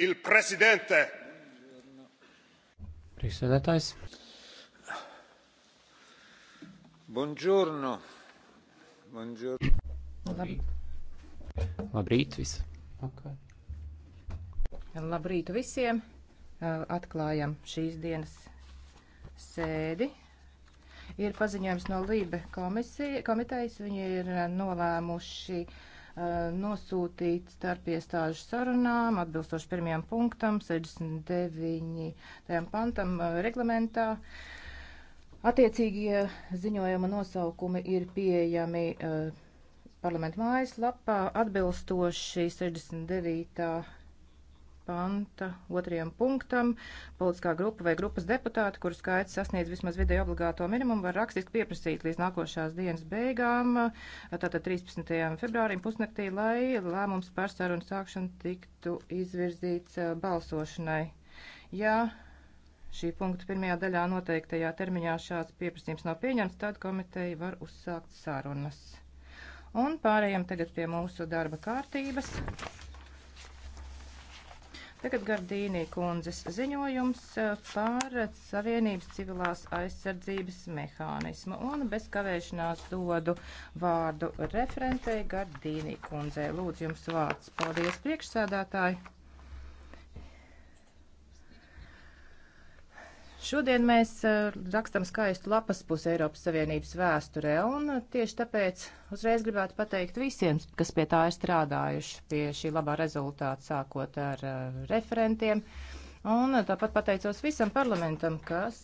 Il presidente. Priekšsēdētājs. Buongiorno. Buongiorno. Labrīt. Labrīt visi. Okay. Labrīt visiem. Atklājam šīs dienas sēdi ir paziņojums no Lībe komisija, komitejas. Viņi ir nolēmuši uh, Uh, nosūtīt starp iestāžu sarunām atbilstoši pirmajam punktam, 69. pantam uh, reglamentā. Attiecīgie ziņojuma nosaukumi ir pieejami uh, parlamentu mājaslapā atbilstoši 69 panta otrajam punktam politiskā grupa vai grupas deputāti, kuru skaits sasniedz vismaz vidēji obligāto minimumu, var rakstiski pieprasīt līdz nākošās dienas beigām, tātad 13. februārim pusnaktī, lai lēmums par sarunu sākšanu tiktu izvirzīts balsošanai. Ja šī punkta pirmajā daļā noteiktajā termiņā šāds pieprasījums nav pieņemts, tad komiteja var uzsākt sarunas. Un pārējiem tagad pie mūsu darba kārtības. Tagad Gardīnī kundzes ziņojums eh, par Savienības civilās aizsardzības mehānismu. Un bez kavēšanās dodu vārdu referentei Gardīnī kundzei. Lūdzu, jums vārds. Paldies, priekšsēdētāji! Šodien mēs eh, rakstam skaistu lapas pusi Eiropas Savienības vēsturē, un tieši tāpēc uzreiz gribētu pateikt visiem, kas pie tā ir strādājuši, pie šī labā rezultāta, sākot ar eh, referentiem. Un tāpat pateicos visam parlamentam, kas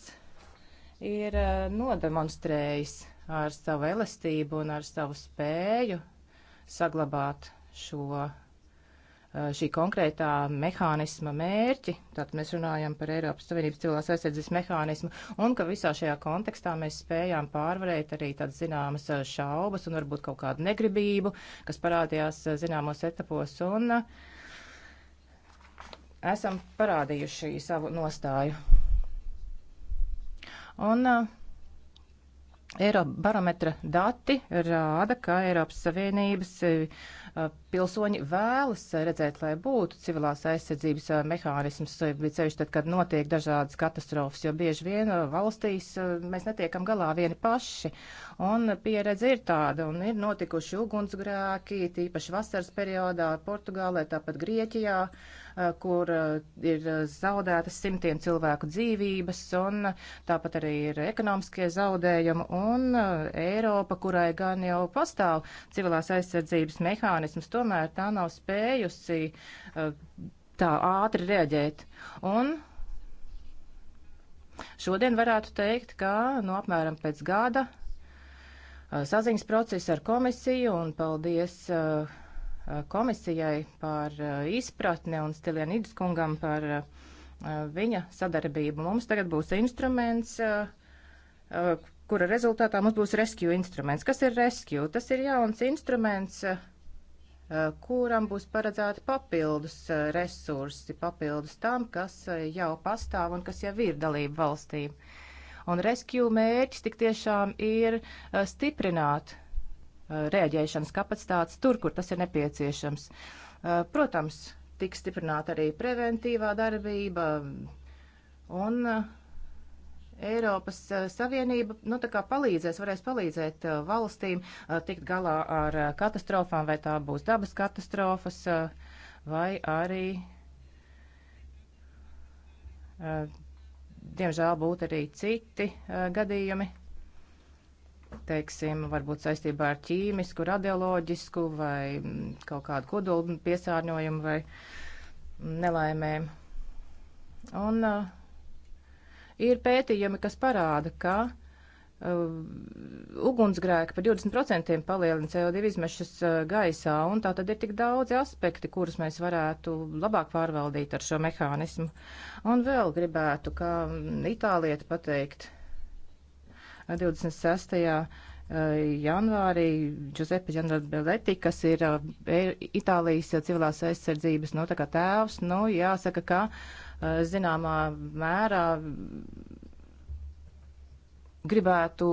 ir eh, nodemonstrējis ar savu elastību un ar savu spēju saglabāt šo Eh, šī konkrētā mehānisma mērķi, tad mēs runājam par Eiropas Savienības cilvēks aizsardzības mehānismu, un ka visā šajā kontekstā mēs spējām pārvarēt arī tādas zināmas eh, šaubas un varbūt kaut kādu negribību, kas parādījās eh, zināmos etapos, un esam parādījuši savu nostāju. Un uh, Eirobarometra dati rāda, ka Eiropas Savienības e, pilsoņi vēlas redzēt, lai būtu civilās aizsardzības mehānisms, e, bet ceļš tad, kad notiek dažādas katastrofas, jo bieži vien valstīs mēs netiekam galā vieni paši. Un pieredze ir tāda, un ir notikuši ugunsgrēki, tīpaši vasaras periodā Portugālē, tāpat Grieķijā. Uh, Eh, kur eh, ir eh, zaudētas simtiem cilvēku dzīvības, un tāpat arī ir ekonomiskie zaudējumi, un Eiropa, kurai gan jau pastāv civilās aizsardzības mehānisms, tomēr tā nav spējusi tā ātri reaģēt. Un Šodien varētu teikt, ka no nu, apmēram pēc gada saziņas procesa ar komisiju un paldies uh, komisijai par uh, izpratni un Stilienīdis kungam par uh, viņa sadarbību. Mums tagad būs instruments, uh, kura rezultātā mums būs rescue instruments. Kas ir rescue? Tas ir jauns instruments, kuram būs paredzēti papildus resursi, papildus tam, kas jau pastāv un kas jau ir dalība valstīm. Un rescue mērķis tik tiešām ir stiprināt Eh, rēģēšanas kapacitātes tur, kur tas ir nepieciešams. Eh, protams, tiks stiprināta arī preventīvā darbība un eh, Eiropas Savienība nu, palīdzēs, varēs palīdzēt valstīm tikt galā ar katastrofām, vai tā būs dabas katastrofas, vai arī, diemžēl, būtu arī citi gadījumi, teiksim, varbūt saistībā ar ķīmisku, radioloģisku vai kaut kādu kodolu piesārņojumu vai nelaimēm. Un uh, ir pētījumi, kas parāda, ka uh, ugunsgrēki par 20% palielina CO2 izmešas uh, gaisā, un tā tad ir tik daudzi aspekti, kurus mēs varētu labāk pārvaldīt ar šo mehānismu. Un vēl gribētu, kā mm, itālieti pateikt, 26. Eh, janvārī Giuseppe Gianbelletti, kas ir eh, Itālijas civilās aizsardzības, nu, tā kā tēvs, nu, jāsaka, ka eh, zināmā mērā gribētu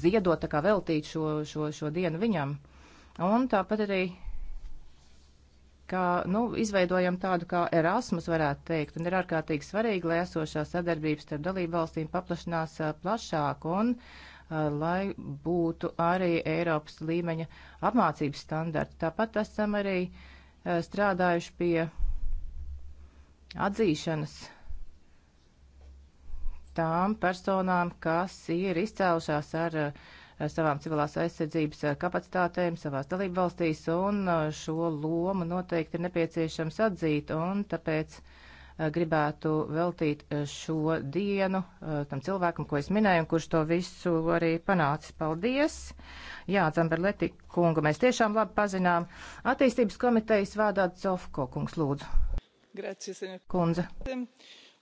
ziedot, tā kā veltīt šo, šo, šo dienu viņam. Un tāpat arī ka, nu, izveidojam tādu kā Erasmus, varētu teikt, un ir ārkārtīgi svarīgi, lai esošā sadarbības starp dalību valstīm paplašanās plašāk un lai būtu arī Eiropas līmeņa apmācības standarti. Tāpat esam arī strādājuši pie atzīšanas tām personām, kas ir izcēlušās ar uh, savām civilās aizsardzības eh, kapacitātēm savās dalību valstīs, un eh, šo lomu noteikti ir nepieciešams atzīt, un tāpēc eh, gribētu veltīt šo dienu tam cilvēkam, ko es minēju, un kurš to visu arī panācis. Paldies! Jā, Zamberleti kungu mēs tiešām labi pazinām. Attīstības komitejas vādā Zofko kungs lūdzu. Grazie, senjor. Kundze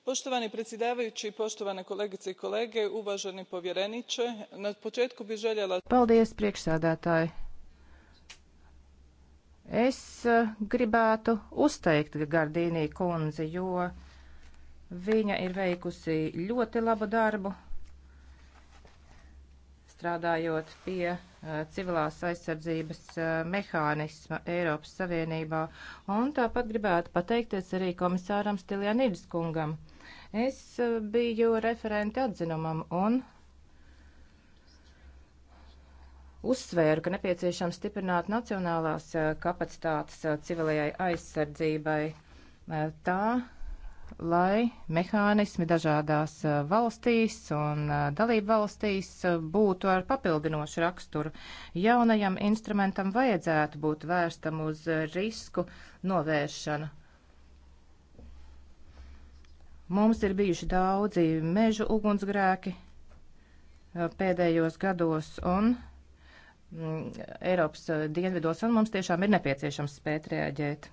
poštovani predsjedavajući poštovane kolegice i kolege uvaženi povjereniče na početku bih željela. paldies priekšsēdētāji es e, gribētu uzteikt gardīnī kundzi jo viņa ir veikusi ļoti labu darbu strādājot pie e, civilās aizsardzības e, mehānisma Eiropas Savienībā. Un tāpat gribētu pateikties arī komisāram Stiljanidis kungam. Es eh, biju referenti atzinumam un uzsvēru, ka nepieciešams stiprināt nacionālās eh, kapacitātes eh, civilajai aizsardzībai tā, lai mehānismi dažādās valstīs un dalību valstīs būtu ar papildinošu raksturu. Jaunajam instrumentam vajadzētu būt vērstam uz risku novēršanu Mums ir bijuši daudzi mežu ugunsgrēki pēdējos gados un mm, Eiropas dienvidos, un mums tiešām ir nepieciešams spēt reaģēt.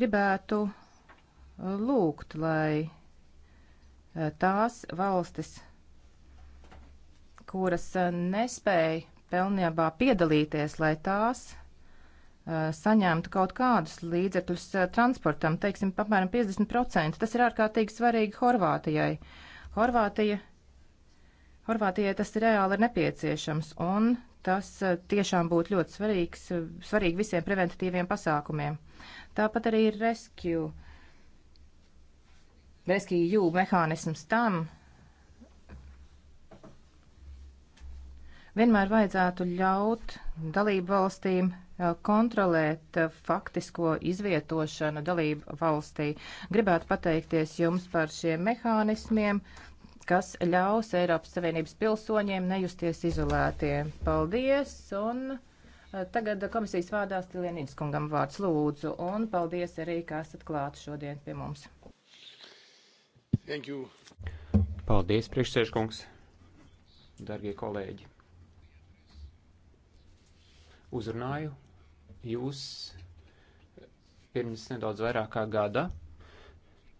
Gribētu lūgt, lai tās valstis, kuras nespēja pelnībā piedalīties, lai tās Eh, saņemtu kaut kādus līdzekļus eh, transportam, teiksim, apmēram 50%. Tas ir ārkārtīgi svarīgi Horvātijai. Horvātija, Horvātijai tas ir reāli ir nepieciešams, un tas eh, tiešām būtu ļoti svarīgs, svarīgi visiem preventatīviem pasākumiem. Tāpat arī ir rescue, rescue mehānisms tam, Vienmēr vajadzētu ļaut dalību valstīm eh, kontrolēt eh, faktisko izvietošanu dalību valstī. Gribētu pateikties jums par šiem mehānismiem, kas ļaus Eiropas Savienības pilsoņiem nejusties izolētiem. Paldies! Un eh, tagad komisijas vārdā Stilienīdas kungam vārds lūdzu. Un paldies arī, ka esat klāt šodien pie mums. Thank you. Paldies, priekšsēžkungs, darbie kolēģi! uzrunāju jūs pirms nedaudz vairāk kā gada.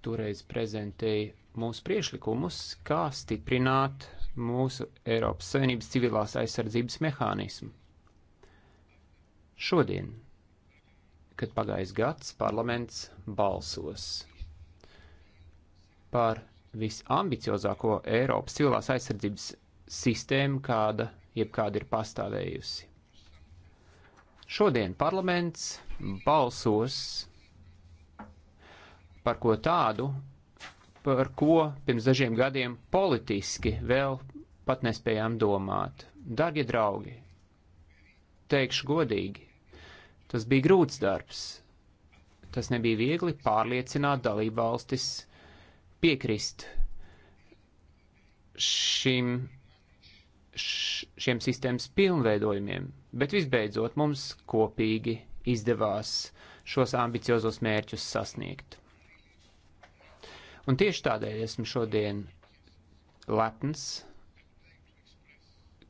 Toreiz prezentēju mūsu priešlikumus, kā stiprināt mūsu Eiropas Savienības civilās aizsardzības mehānismu. Šodien, kad pagājis gads, parlaments balsos par visambiciozāko Eiropas civilās aizsardzības sistēmu, kāda jebkāda ir pastāvējusi. Šodien parlaments balsos par ko tādu, par ko pirms dažiem gadiem politiski vēl pat nespējām domāt. Darbie draugi, teikšu godīgi, tas bija grūts darbs. Tas nebija viegli pārliecināt dalībvalstis piekrist šim, š, šiem sistēmas pilnveidojumiem. Bet visbeidzot mums kopīgi izdevās šos ambiciozos mērķus sasniegt. Un tieši tādēļ esmu šodien lepns,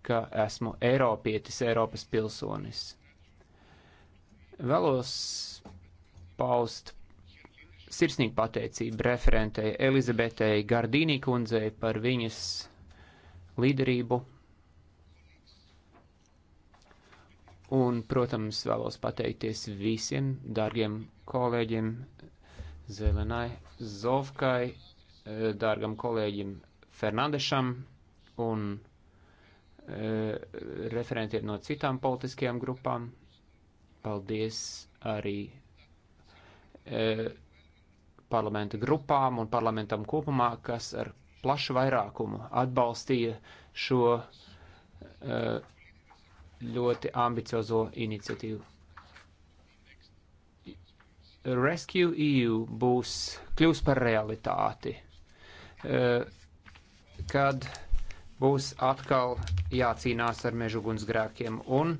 ka esmu Eiropietis, Eiropas pilsonis. Vēlos paust sirsnīgu pateicību referentei Elizabetei Gardīnī kundzei par viņas līderību Un, protams, vēlos pateikties visiem dārgiem kolēģiem, Zelenai Zovkai, eh, dārgam kolēģim Fernandešam un eh, referentiem no citām politiskajām grupām. Paldies arī e, parlamenta grupām un parlamentam kopumā, kas ar plašu vairākumu atbalstīja šo e, ļoti ambiciozo iniciatīvu. Rescue EU būs kļūs par realitāti, eh, kad būs atkal jācīnās ar mežu gunsgrēkiem, un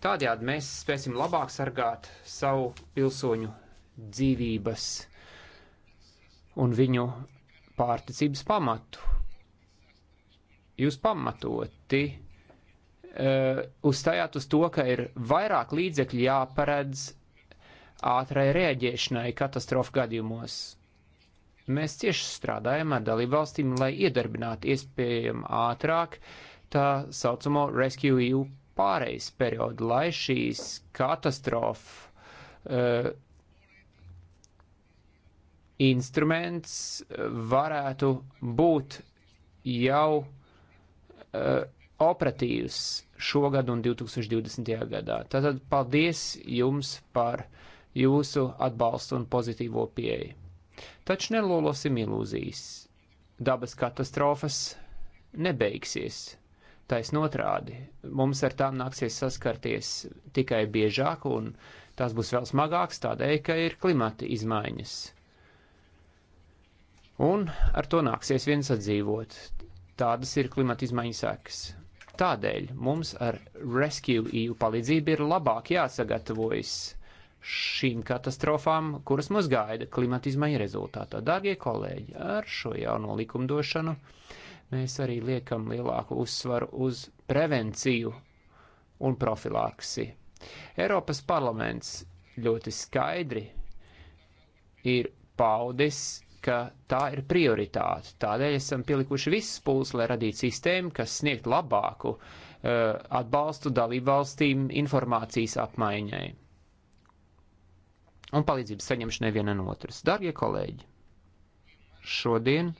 tādējādi mēs spēsim labāk sargāt savu pilsoņu dzīvības un viņu pārticības pamatu. Jūs pamatoti Uh, uzstājāt uz to, ka ir vairāk līdzekļu jāparedz ātrai rēģēšanai katastrofu gadījumos. Mēs cieši strādājam ar dalībvalstīm, lai iedarbinātu iespējami ātrāk tā saucamo Rescue EU pārejas periodu, lai šīs katastrofu uh, instruments varētu būt jau uh, operatīvs šogad un 2020. gadā. Tātad paldies jums par jūsu atbalstu un pozitīvo pieeju. Taču nelolosim ilūzijas. Dabas katastrofas nebeigsies. Taisn otrādi, mums ar tām nāksies saskarties tikai biežāk un tās būs vēl smagāks tādēļ, ka ir klimata izmaiņas. Un ar to nāksies viens atdzīvot. Tādas ir klimata izmaiņas sekas. Tādēļ mums ar Rescue EU palīdzību ir labāk jāsagatavojas šīm katastrofām, kuras mūs gaida klimata izmaiņu rezultātā. Dārgie kolēģi, ar šo jauno likumdošanu mēs arī liekam lielāku uzsvaru uz prevenciju un profilaksi. Eiropas parlaments ļoti skaidri ir paudis ka tā ir prioritāte. Tādēļ esam pielikuši visas pūles, lai radītu sistēmu, kas sniegt labāku uh, atbalstu dalību valstīm informācijas apmaiņai un palīdzības saņemšanai vienam otrs. Darbie kolēģi, šodien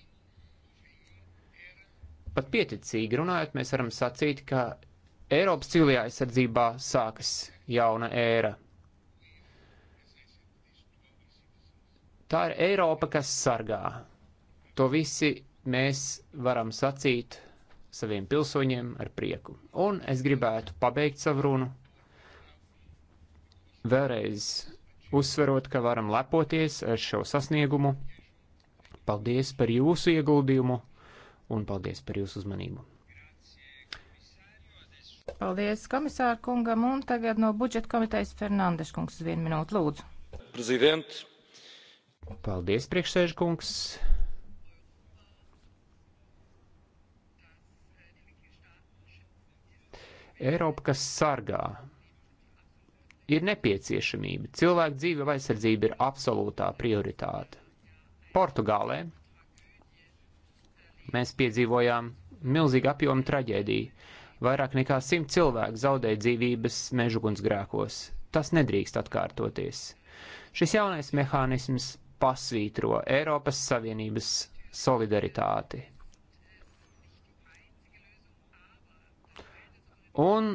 pat pieticīgi runājot, mēs varam sacīt, ka Eiropas civilajā aizsardzībā sākas jauna ēra. Tā ir Eiropa, kas sargā. To visi mēs varam sacīt saviem pilsoņiem ar prieku. Un es gribētu pabeigt savu runu, vēlreiz uzsverot, ka varam lepoties ar šo sasniegumu. Paldies par jūsu ieguldījumu un paldies par jūsu uzmanību. Paldies komisāru kungam un tagad no budžeta komitejas Fernandes kungs uz vienu minūtu lūdzu. Prezident, Paldies, priekšsēžkungs! Eiropa, kas sargā, ir nepieciešamība. Cilvēku dzīve vai aizsardzība ir absolūtā prioritāte. Portugālē mēs piedzīvojām milzīgu apjomu traģēdiju. Vairāk nekā simt cilvēku zaudēja dzīvības mežugunsgrēkos. Tas nedrīkst atkārtoties. Šis jaunais mehānisms pasvītro Eiropas Savienības solidaritāti. Un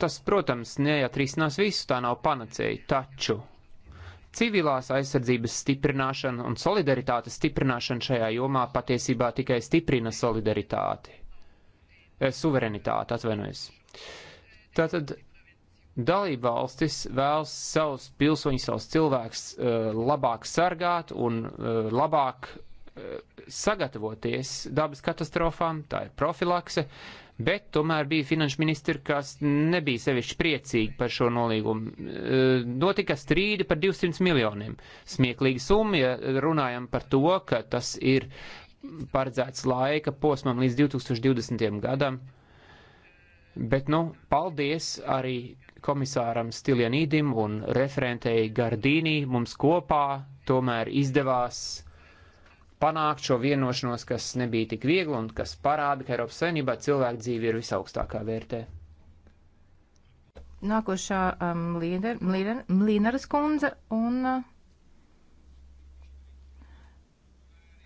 tas, protams, neatrisinās visu, tā nav panacēja, taču civilās aizsardzības stiprināšana un solidaritātes stiprināšana šajā jomā patiesībā tikai stiprina solidaritāti. Eh, suverenitāti, atvainojos. Tātad Dalība valstis vēlas savus pilsoņus, savus cilvēkus eh, labāk sargāt un eh, labāk eh, sagatavoties dabas katastrofām, tā ir profilakse, bet tomēr bija finanšu ministri, kas nebija sevišķi priecīgi par šo nolīgumu. Notika strīdi par 200 miljoniem. Smieklīgi summa, ja runājam par to, ka tas ir paredzēts laika posmam līdz 2020. gadam. Bet, nu, paldies arī komisāram Stiljanīdim un referentei Gardīnī mums kopā tomēr izdevās panākt šo vienošanos, kas nebija tik viegli un kas parāda, ka Eiropas Savienībā cilvēku dzīve ir visaugstākā vērtē. Nākošā um, Mlīneras līder, līder, kundze un uh,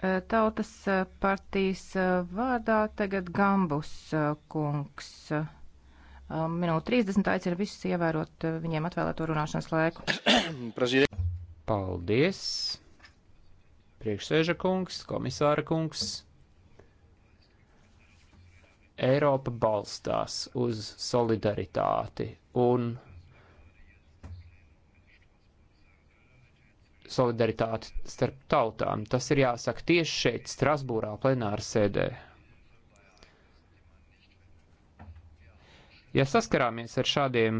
uh tautas uh, partijas uh, vārdā tagad Gambus uh, kungs. Uh, Um, minūte 30. Aicinu visus ievērot uh, viņiem atvēlēto runāšanas laiku. Paldies! Priekšsēža kungs, komisāra kungs. Eiropa balstās uz solidaritāti un solidaritāti starp tautām. Tas ir jāsaka tieši šeit, Strasbūrā, plenāra sēdē. Ja saskarāmies ar šādiem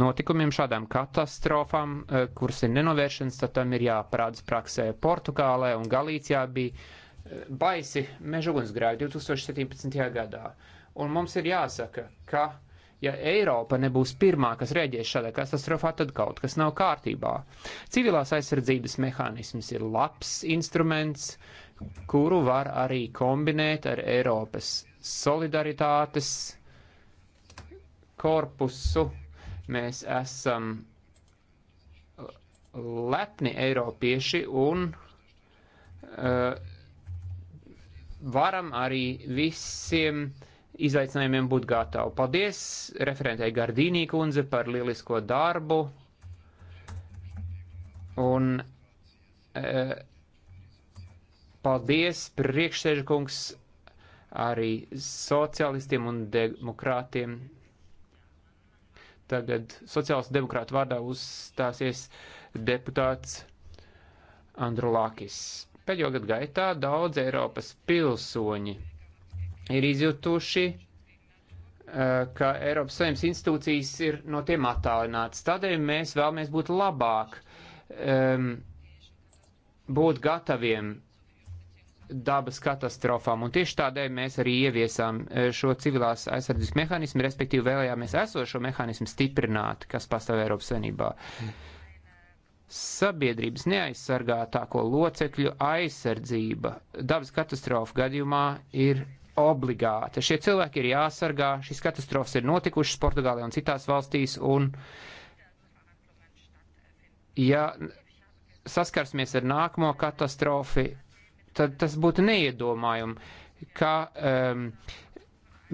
notikumiem, šādām katastrofām, eh, kuras ir nenovēršanas, tad tam ir jāparādas praksē. Portugālē un Galīcijā bija eh, baisi meža ugunsgrēki 2017. gadā. Un mums ir jāsaka, ka ja Eiropa nebūs pirmā, kas rēģēs šādā katastrofā, tad kaut kas nav kārtībā. Civilās aizsardzības mehānisms ir labs instruments, kuru var arī kombinēt ar Eiropas solidaritātes korpusu. Mēs esam lepni eiropieši un uh, varam arī visiem izaicinājumiem būt gatavi. Paldies referentei Gardīnī kundze par lielisko darbu. Un uh, paldies priekšsēžkungs arī sociālistiem un demokrātiem Tagad sociāls demokrātu vārdā uzstāsies deputāts Andrulākis. Pēdējo gadu gaitā daudz Eiropas pilsoņi ir izjutuši, eh, ka Eiropas saimnes institūcijas ir no tiem attālināts. Tādēļ mēs vēlamies būt labāk, um, būt gataviem dabas katastrofām. Un tieši tādēļ mēs arī ieviesām e, šo civilās aizsardzības mehānismu, respektīvi vēlējāmies esošo mehānismu stiprināt, kas pastāv Eiropas Savienībā. Sabiedrības neaizsargātāko locekļu aizsardzība dabas katastrofu gadījumā ir obligāta. Šie cilvēki ir jāsargā, šīs katastrofas ir notikušas Portugālē un citās valstīs, un ja saskarsimies ar nākamo katastrofu, tad tas būtu neiedomājumi, ka um,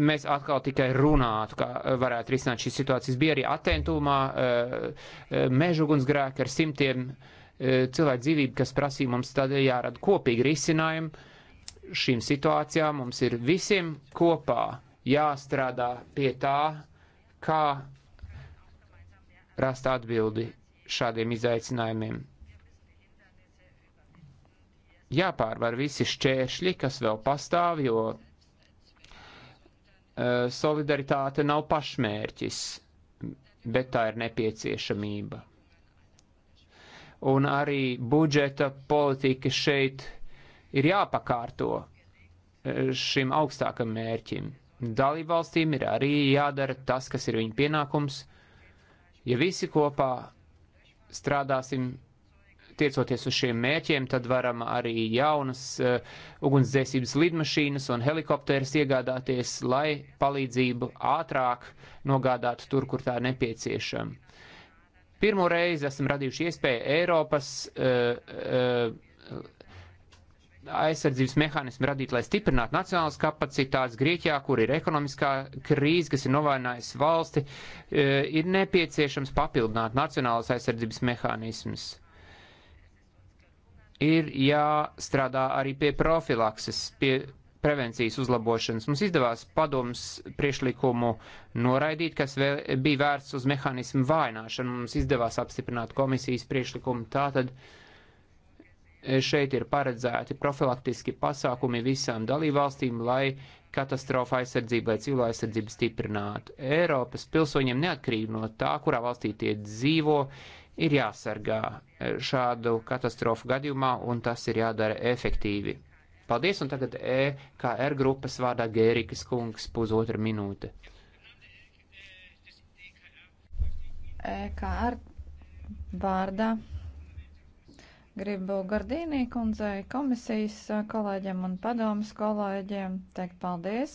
mēs atkal tikai runātu, kā eh, varētu risināt šīs situācijas. Bija arī atentumā uh, eh, eh, mežugunsgrēki ar simtiem uh, cilvēku dzīvību, kas prasīja mums tad jārada kopīgi risinājumi šīm situācijām. Mums ir visiem kopā jāstrādā pie tā, kā rast atbildi šādiem izaicinājumiem jāpārvar visi šķēršļi, kas vēl pastāv, jo e, solidaritāte nav pašmērķis, bet tā ir nepieciešamība. Un arī budžeta politika šeit ir jāpakārto e, šim augstākam mērķim. Dalībvalstīm ir arī jādara tas, kas ir viņu pienākums. Ja visi kopā strādāsim tiecoties uz šiem mērķiem, tad varam arī jaunas uh, ugunsdzēsības lidmašīnas un helikopterus iegādāties, lai palīdzību ātrāk nogādātu tur, kur tā nepieciešama. Pirmo reizi esam radījuši iespēju Eiropas uh, uh, aizsardzības mehānismu radīt, lai stiprinātu nacionālas kapacitātes Grieķijā, kur ir ekonomiskā krīze, kas ir novājinājusi valsti, ir nepieciešams papildināt nacionālas aizsardzības mehānismus ir jāstrādā arī pie profilakses, pie prevencijas uzlabošanas. Mums izdevās padomus priešlikumu noraidīt, kas vēl, bija vērts uz mehānismu vājināšanu. Mums izdevās apstiprināt komisijas priešlikumu. Tātad e, šeit ir paredzēti profilaktiski pasākumi visām dalībvalstīm, lai katastrofa aizsardzību vai cilvēku aizsardzību stiprinātu. Eiropas pilsoņiem neatkarīgi no tā, kurā valstī tie dzīvo, ir jāsargā e, šādu katastrofu gadījumā, un tas ir jādara efektīvi. Paldies, un tagad EKR grupas vārdā Gērikas kungs pusotra minūte. EKR vārdā gribu Gardīnī kundzei, komisijas e, kolēģiem un padomas kolēģiem teikt paldies.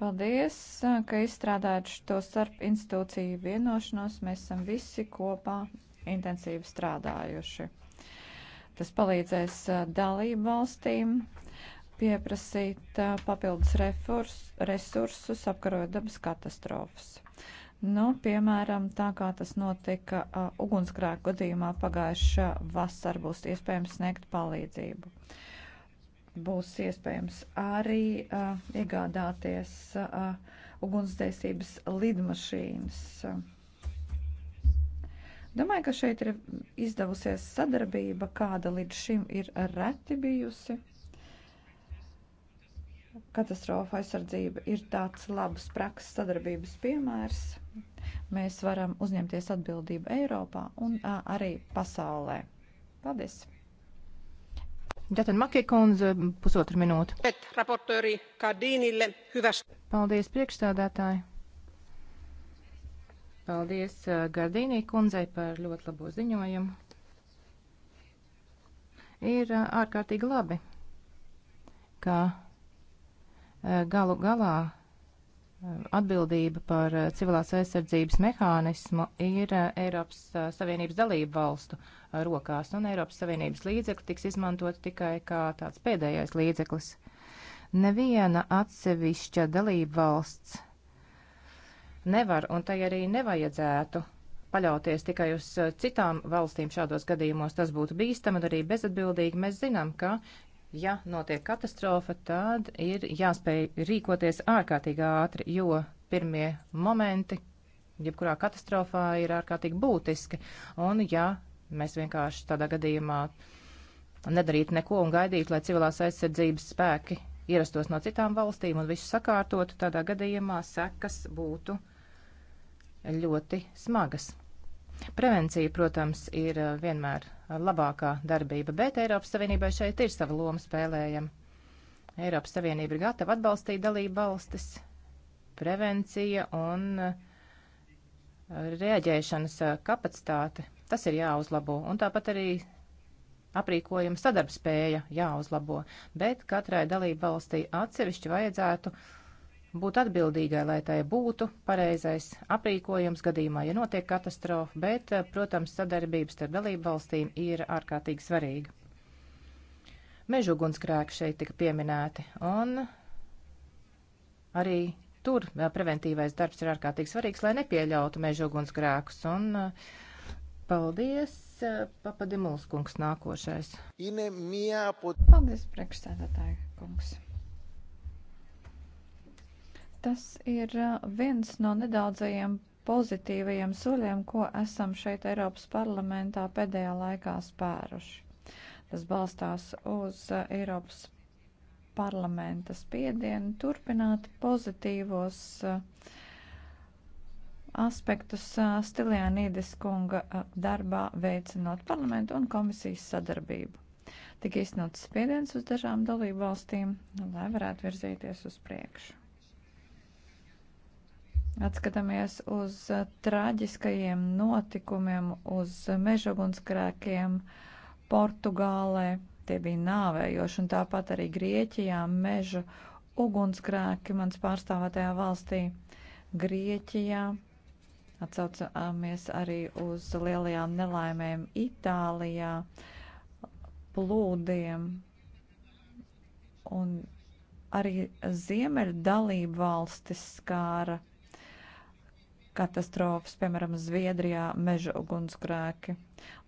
Paldies, e, ka izstrādājat šo starp institūciju vienošanos. Mēs esam visi kopā intensīvi strādājuši. Tas palīdzēs dalību valstīm pieprasīt papildus refurs, resursus, apkarot dabas katastrofas. Nu, piemēram, tā kā tas notika uh, ugunsgrēku gadījumā pagājušā vasarā, būs iespējams sniegt palīdzību. Būs iespējams arī uh, iegādāties uh, ugunsdzēsības lidmašīnas. Uh, Domāju, ka šeit ir izdevusies sadarbība, kāda līdz šim ir reti bijusi. Katastrofa aizsardzība ir tāds labs prakses sadarbības piemērs. Mēs varam uzņemties atbildību Eiropā un a, arī pasaulē. Paldies! Datan Makie kundze, pusotru minūtu. Paldies priekšstādātāji! Paldies uh, Gardīnī kundzei par ļoti labo ziņojumu. Ir uh, ārkārtīgi labi, ka uh, galu galā atbildība par civilās aizsardzības mehānismu ir Eiropas Savienības dalību valstu rokās, un Eiropas Savienības līdzekļi tiks izmantot tikai kā tāds pēdējais līdzeklis. Neviena atsevišķa dalība valsts nevar un tai arī nevajadzētu paļauties tikai uz uh, citām valstīm šādos gadījumos. Tas būtu bīstami un arī bezatbildīgi. Mēs zinām, ka, ja notiek katastrofa, tad ir jāspēj rīkoties ārkārtīgi ātri, jo pirmie momenti jebkurā katastrofā ir ārkārtīgi būtiski. Un, ja mēs vienkārši tādā gadījumā nedarītu neko un gaidītu, lai civilās aizsardzības spēki ierastos no citām valstīm un visu sakārtotu, tādā gadījumā sekas būtu ļoti smagas. Prevencija, protams, ir eh, vienmēr labākā darbība, bet Eiropas Savienībai šeit ir sava loma spēlējama. Eiropas Savienība ir gatava atbalstīt dalību valstis, prevencija un eh, reaģēšanas eh, kapacitāte. Tas ir jāuzlabo, un tāpat arī aprīkojuma sadarbspēja jāuzlabo, bet katrai dalību valstī atsevišķi vajadzētu uh, būt atbildīgai, lai tai būtu pareizais aprīkojums gadījumā, ja notiek katastrofa, bet, protams, sadarbības starp dalību valstīm ir ārkārtīgi svarīga. Mežu ugunsgrēki šeit tika pieminēti, un arī tur preventīvais darbs ir ārkārtīgi svarīgs, lai nepieļautu mežu ugunsgrēkus, un paldies, papadimuls kungs nākošais. Paldies, priekšsēdētāji kungs. Tas ir uh, viens no nedaudzajiem pozitīvajiem soļiem, ko esam šeit Eiropas parlamentā pēdējā laikā spēruši. Tas balstās uz uh, Eiropas parlamenta spiedienu turpināt pozitīvos uh, aspektus Stilianīdis kunga darbā veicinot parlamentu un komisijas sadarbību. Tik īstenots spiediens uz dažām dalību valstīm, lai varētu virzīties uz priekšu. Atskatāmies uz uh, traģiskajiem notikumiem, uz uh, mežugunskrēkiem Portugālē. Tie bija nāvējoši, un tāpat arī Grieķijā mežu ugunskrēki mans pārstāvētajā valstī. Grieķijā atcaucamies arī uz lielajām nelaimēm Itālijā, plūdiem un arī ziemeļu dalību valstis skāra katastrofas, piemēram, Zviedrijā meža ugunsgrēki.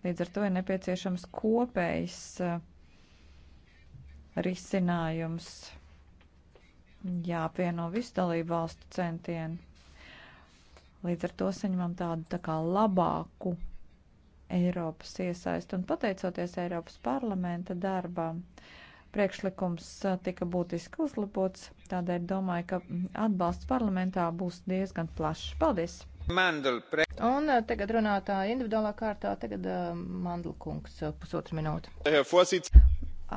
Līdz ar to ir nepieciešams kopējs eh, risinājums, jāapvieno visu dalību valstu centienu. Līdz ar to saņemam tādu tā kā labāku Eiropas iesaistu un pateicoties Eiropas parlamenta darbam. Uh, Priekšlikums tika būtiski uzlabots, tādēļ domāju, ka atbalsts parlamentā būs diezgan plašs. Paldies! Mandel, pre... Un tagad runātā individuālā kārtā, tagad uh, Mandelkungs pusotru minūtu.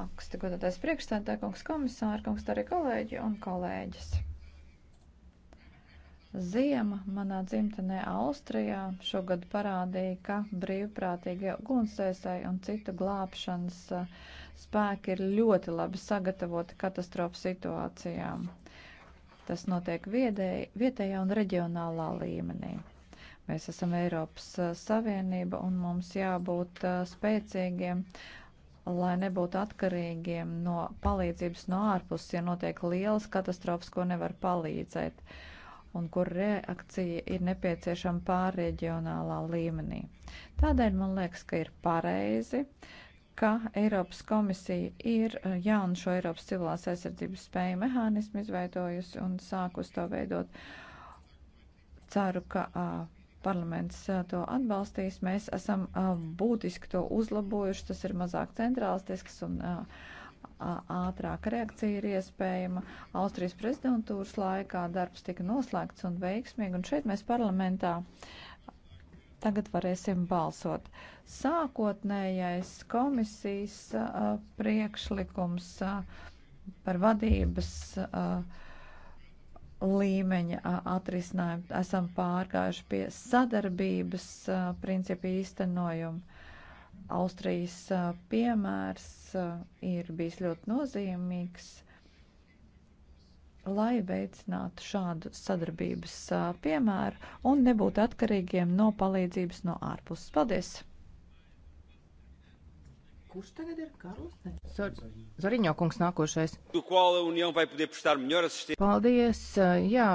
Aksta godātais priekšstādā, kungs komisāri, kungs arī kolēģi un kolēģis. Ziema manā dzimtenē Austrijā šogad parādīja, ka brīvprātīgie ugunsdzēsēji un citu glābšanas uh, spēki ir ļoti labi sagatavoti katastrofu situācijām. Tas notiek viedēji, vietējā un reģionālā līmenī. Mēs esam Eiropas eh, Savienība un mums jābūt eh, spēcīgiem, lai nebūtu atkarīgiem no palīdzības no ārpuses, ja notiek lielas katastrofas, ko nevar palīdzēt un kur reakcija ir nepieciešama pārreģionālā līmenī. Tādēļ man liekas, ka ir pareizi uh, ka Eiropas komisija ir eh, jaunu šo Eiropas civilās aizsardzības spēju mehānismu izveidojusi un sākus to veidot. Ceru, ka a, parlaments a, to atbalstīs. Mēs esam a, būtiski to uzlabojuši. Tas ir mazāk centrālistisks un a, a, ātrāka reakcija ir iespējama. Austrijas prezidentūras laikā darbs tika noslēgts un veiksmīgi. Un šeit mēs parlamentā Tagad varēsim balsot. Sākotnējais komisijas uh, priekšlikums uh, par vadības uh, līmeņa atrisinājumu esam pārgājuši pie sadarbības principu īstenojumu. Austrijas piemērs ir bijis ļoti nozīmīgs lai veicinātu šādu sadarbības piemēru un nebūtu atkarīgiem no palīdzības no ārpuses. Paldies! Kurš tagad ir Karls? Zariņo kungs nākošais. Paldies. Jā,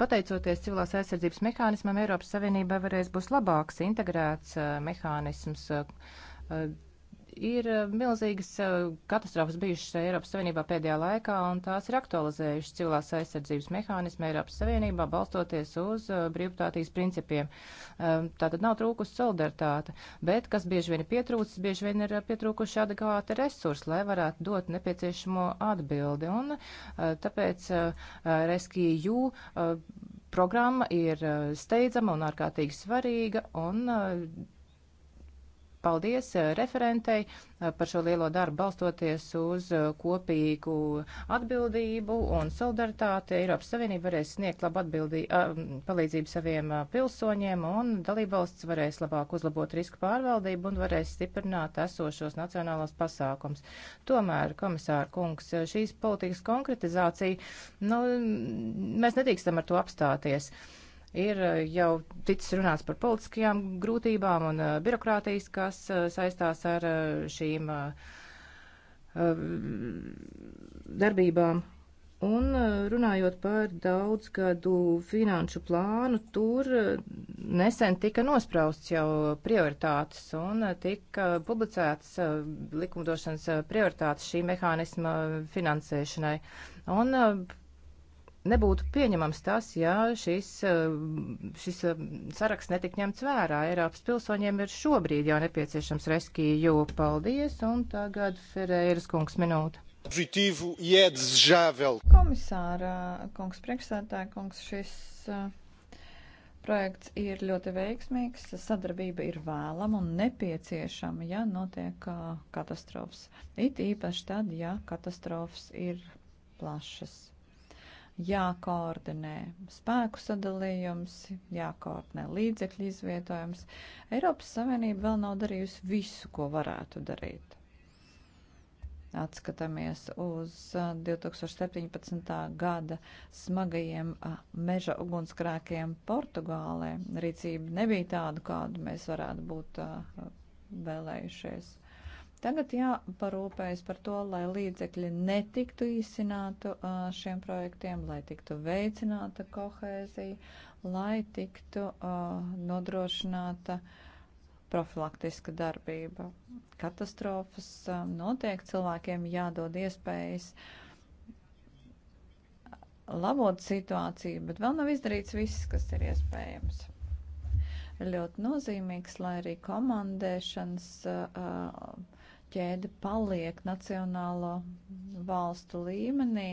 pateicoties civilās aizsardzības mehānismam, Eiropas Savienībā varēs būs labāks integrēts mehānisms Ir eh, milzīgas eh, katastrofas bijušas Eiropas Savienībā pēdējā laikā, un tās ir aktualizējušas civilās aizsardzības mehānismu Eiropas Savienībā, balstoties uz eh, brīvprātīs principiem. Tātad nav trūkus solidaritāte, bet, kas bieži vien ir pietrūcis, bieži vien ir pietrūkuši adekvāti resursi, lai varētu dot nepieciešamo atbildi. Un tāpēc Rescue programma ir steidzama un ārkārtīgi svarīga, un Paldies eh, referentei eh, par šo lielo darbu, balstoties uz eh, kopīgu atbildību un solidaritāti. Eiropas Savienība varēs sniegt labu atbildī, palīdzību saviem pilsoņiem, un dalībvalsts varēs labāk uzlabot risku pārvaldību un varēs stiprināt esošos nacionālos pasākums. Tomēr, komisāra kungs, šīs politikas konkretizācija, nu, mēs nedrīkstam ar to apstāties. Uh, ir eh, jau ticis runāts par politiskajām grūtībām un eh, birokrātijas, kas eh, saistās ar šīm darbībām. Un runājot par daudzgadu finanšu plānu, tur nesen tika nosprausts jau prioritātes un tika publicētas likumdošanas prioritātes šī mehānisma finansēšanai. Un Nebūtu pieņemams tas, ja šis, eh, šis eh, saraksts netik ņemts vērā. Eiropas pilsoņiem ir šobrīd jau nepieciešams reskiju. Paldies, un tagad Ferreiras kungs minūte. Komisāra eh, kungs, priekšsētāja kungs, šis projekts ir ļoti veiksmīgs, sadarbība ir vēlama un nepieciešama, ja notiek katastrofas. It īpaši tad, ja katastrofas ir plašas jākoordinē spēku sadalījums, jākoordinē līdzekļu izvietojums. Eiropas Savienība vēl nav darījusi visu, ko varētu darīt. Atskatāmies uz 2017. gada smagajiem meža ugunskrēkiem Portugālē. Rīcība nebija tāda, kādu mēs varētu būt vēlējušies. Tagad jāparūpējas par to, lai līdzekļi netiktu īsinātu šiem projektiem, lai tiktu veicināta kohēzija, lai tiktu nodrošināta profilaktiska darbība. Katastrofas notiek, cilvēkiem jādod iespējas labot situāciju, bet vēl nav izdarīts viss, kas ir iespējams ļoti nozīmīgs, lai arī komandēšanas uh, ķēde paliek nacionālo valstu līmenī,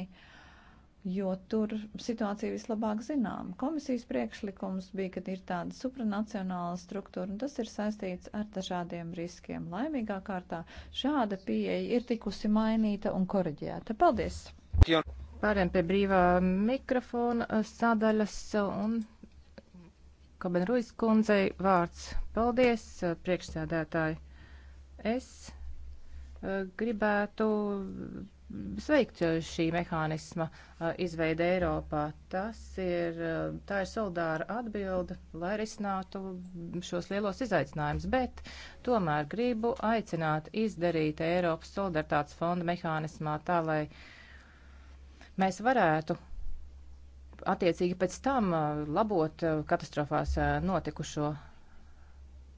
jo tur situācija vislabāk zinām. Komisijas priekšlikums bija, ka ir tāda supranacionāla struktūra, un tas ir saistīts ar dažādiem riskiem. Laimīgā kārtā šāda pieeja ir tikusi mainīta un koreģēta. Paldies! Pārējām pie brīvā mikrofona sadaļas un Kabenrujas kundzei vārds. Paldies, priekšsēdētāji! Es gribētu sveikt šī mehānisma izveida Eiropā. Tas ir, tā ir solidāra atbilda, lai risinātu šos lielos izaicinājumus, bet tomēr gribu aicināt izdarīt Eiropas solidaritātes fonda mehānismā tā, lai mēs varētu attiecīgi pēc tam labot katastrofās notikušo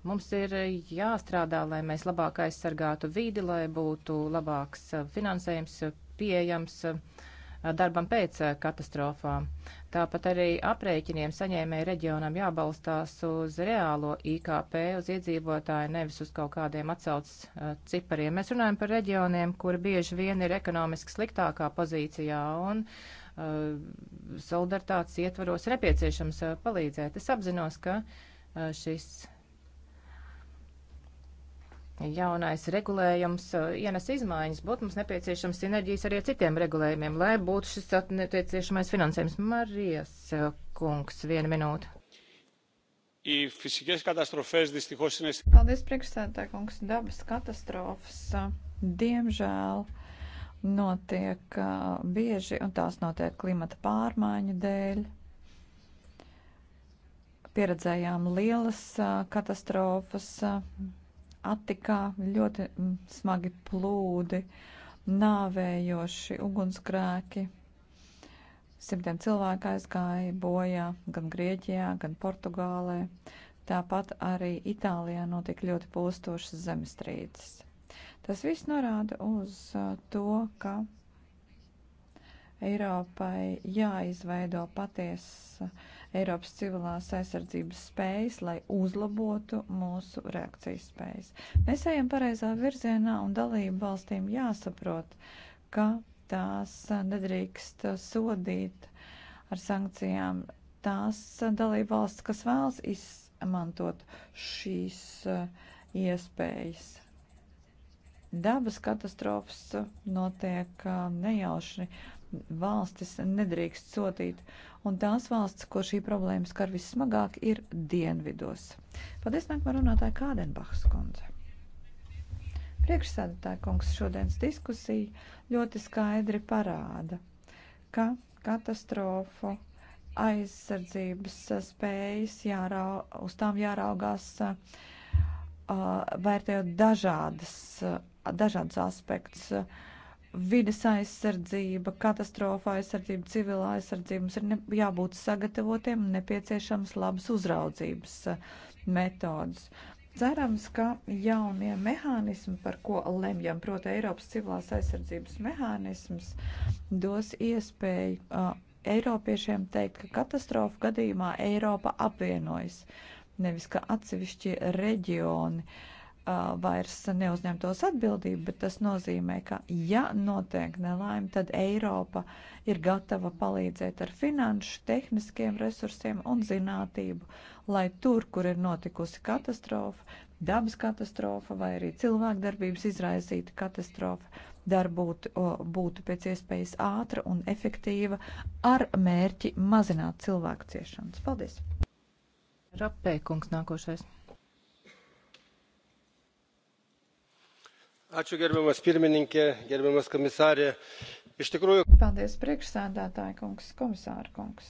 Mums ir eh, jāstrādā, lai mēs labāk aizsargātu vīdi, lai būtu labāks eh, finansējums eh, pieejams darbam pēc katastrofām. Tāpat arī aprēķiniem saņēmēja reģionam jābalstās uz reālo IKP, uz iedzīvotāju, nevis uz kaut kādiem atsaucas cipariem. Mēs runājam par reģioniem, kur bieži vien ir ekonomiski sliktākā pozīcijā un uh, solidaritātes ietvaros ir nepieciešams palīdzēt. Es apzinos, ka uh, šis jaunais regulējums uh, ienes izmaiņas, bet mums nepieciešams sinerģijas arī ar citiem regulējumiem, lai būtu šis nepieciešamais finansējums. Marijas uh, kungs, viena minūte. Paldies, priekšsēdētāj, kungs. Dabas katastrofas, uh, diemžēl, notiek bieži, un tās notiek klimata pārmaiņu dēļ pieredzējām lielas katastrofas, Atikā ļoti mm, smagi plūdi, nāvējoši ugunsgrēki. Simtiem cilvēku aizgāja bojā gan Grieķijā, gan Portugālē. Tāpat arī Itālijā notika ļoti postošas zemestrīces. Tas viss norāda uz to, ka Eiropai jāizveido patiesa Eiropas civilās aizsardzības spējas, lai uzlabotu mūsu reakcijas spējas. Mēs ejam pareizā virzienā un dalību valstīm jāsaprot, ka tās nedrīkst sodīt ar sankcijām tās dalību valsts, kas vēlas izmantot šīs eh, iespējas. Dabas katastrofas notiek eh, nejauši. Valstis nedrīkst sodīt uh, un tās valsts, kur šī problēma skar vissmagāk, ir dienvidos. Paldies, nākamā runātāja Kādenbachs kundze. Priekšsēdētāja kungs šodienas diskusija ļoti skaidri parāda, ka katastrofu aizsardzības spējas jārau, uz tām jāraugās vērtējot dažādas, dažādas aspektus vides aizsardzība, katastrofa aizsardzība, civilā aizsardzība. Mums ir ne, jābūt sagatavotiem un nepieciešams labas uzraudzības eh, metodas. Cerams, ka jaunie mehānismi, par ko lemjam, proti Eiropas civilās aizsardzības mehānisms, dos iespēju uh, Eiropiešiem teikt, ka katastrofu gadījumā Eiropa apvienojas, nevis ka atsevišķi reģioni uh, vairs neuzņemtos atbildību, bet tas nozīmē, ka ja notiek nelaime, tad Eiropa ir gatava palīdzēt ar finanšu, tehniskiem resursiem un zinātību, lai tur, kur ir notikusi katastrofa, dabas katastrofa vai arī cilvēkdarbības izraisīta katastrofa, darbūtu būtu pēc iespējas ātra un efektīva ar mērķi mazināt cilvēku ciešanas. Paldies! Rapē, kungs, nākošais. Ačiū gerbiamas pirmininkė, gerbiamas komisārė. Iš tikrųjų. Paldies priekšsēdētāji kungs, komisāra kungs.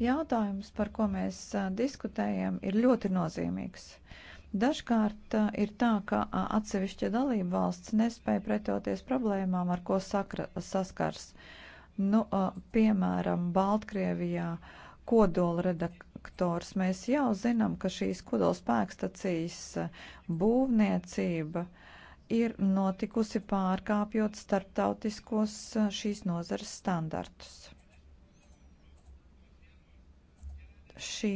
Jautājums, par ko mēs diskutējam, ir ļoti nozīmīgs. Dažkārt ir tā, ka atsevišķa dalība valsts nespēja pretoties problēmām, ar ko sakra, saskars. Nu, piemēram, Baltkrievijā uh, kodola redaktors. Mēs jau zinām, ka šīs kodola spēkstacijas eh, būvniecība ir notikusi pārkāpjot starptautiskos eh, šīs nozares standartus. Šī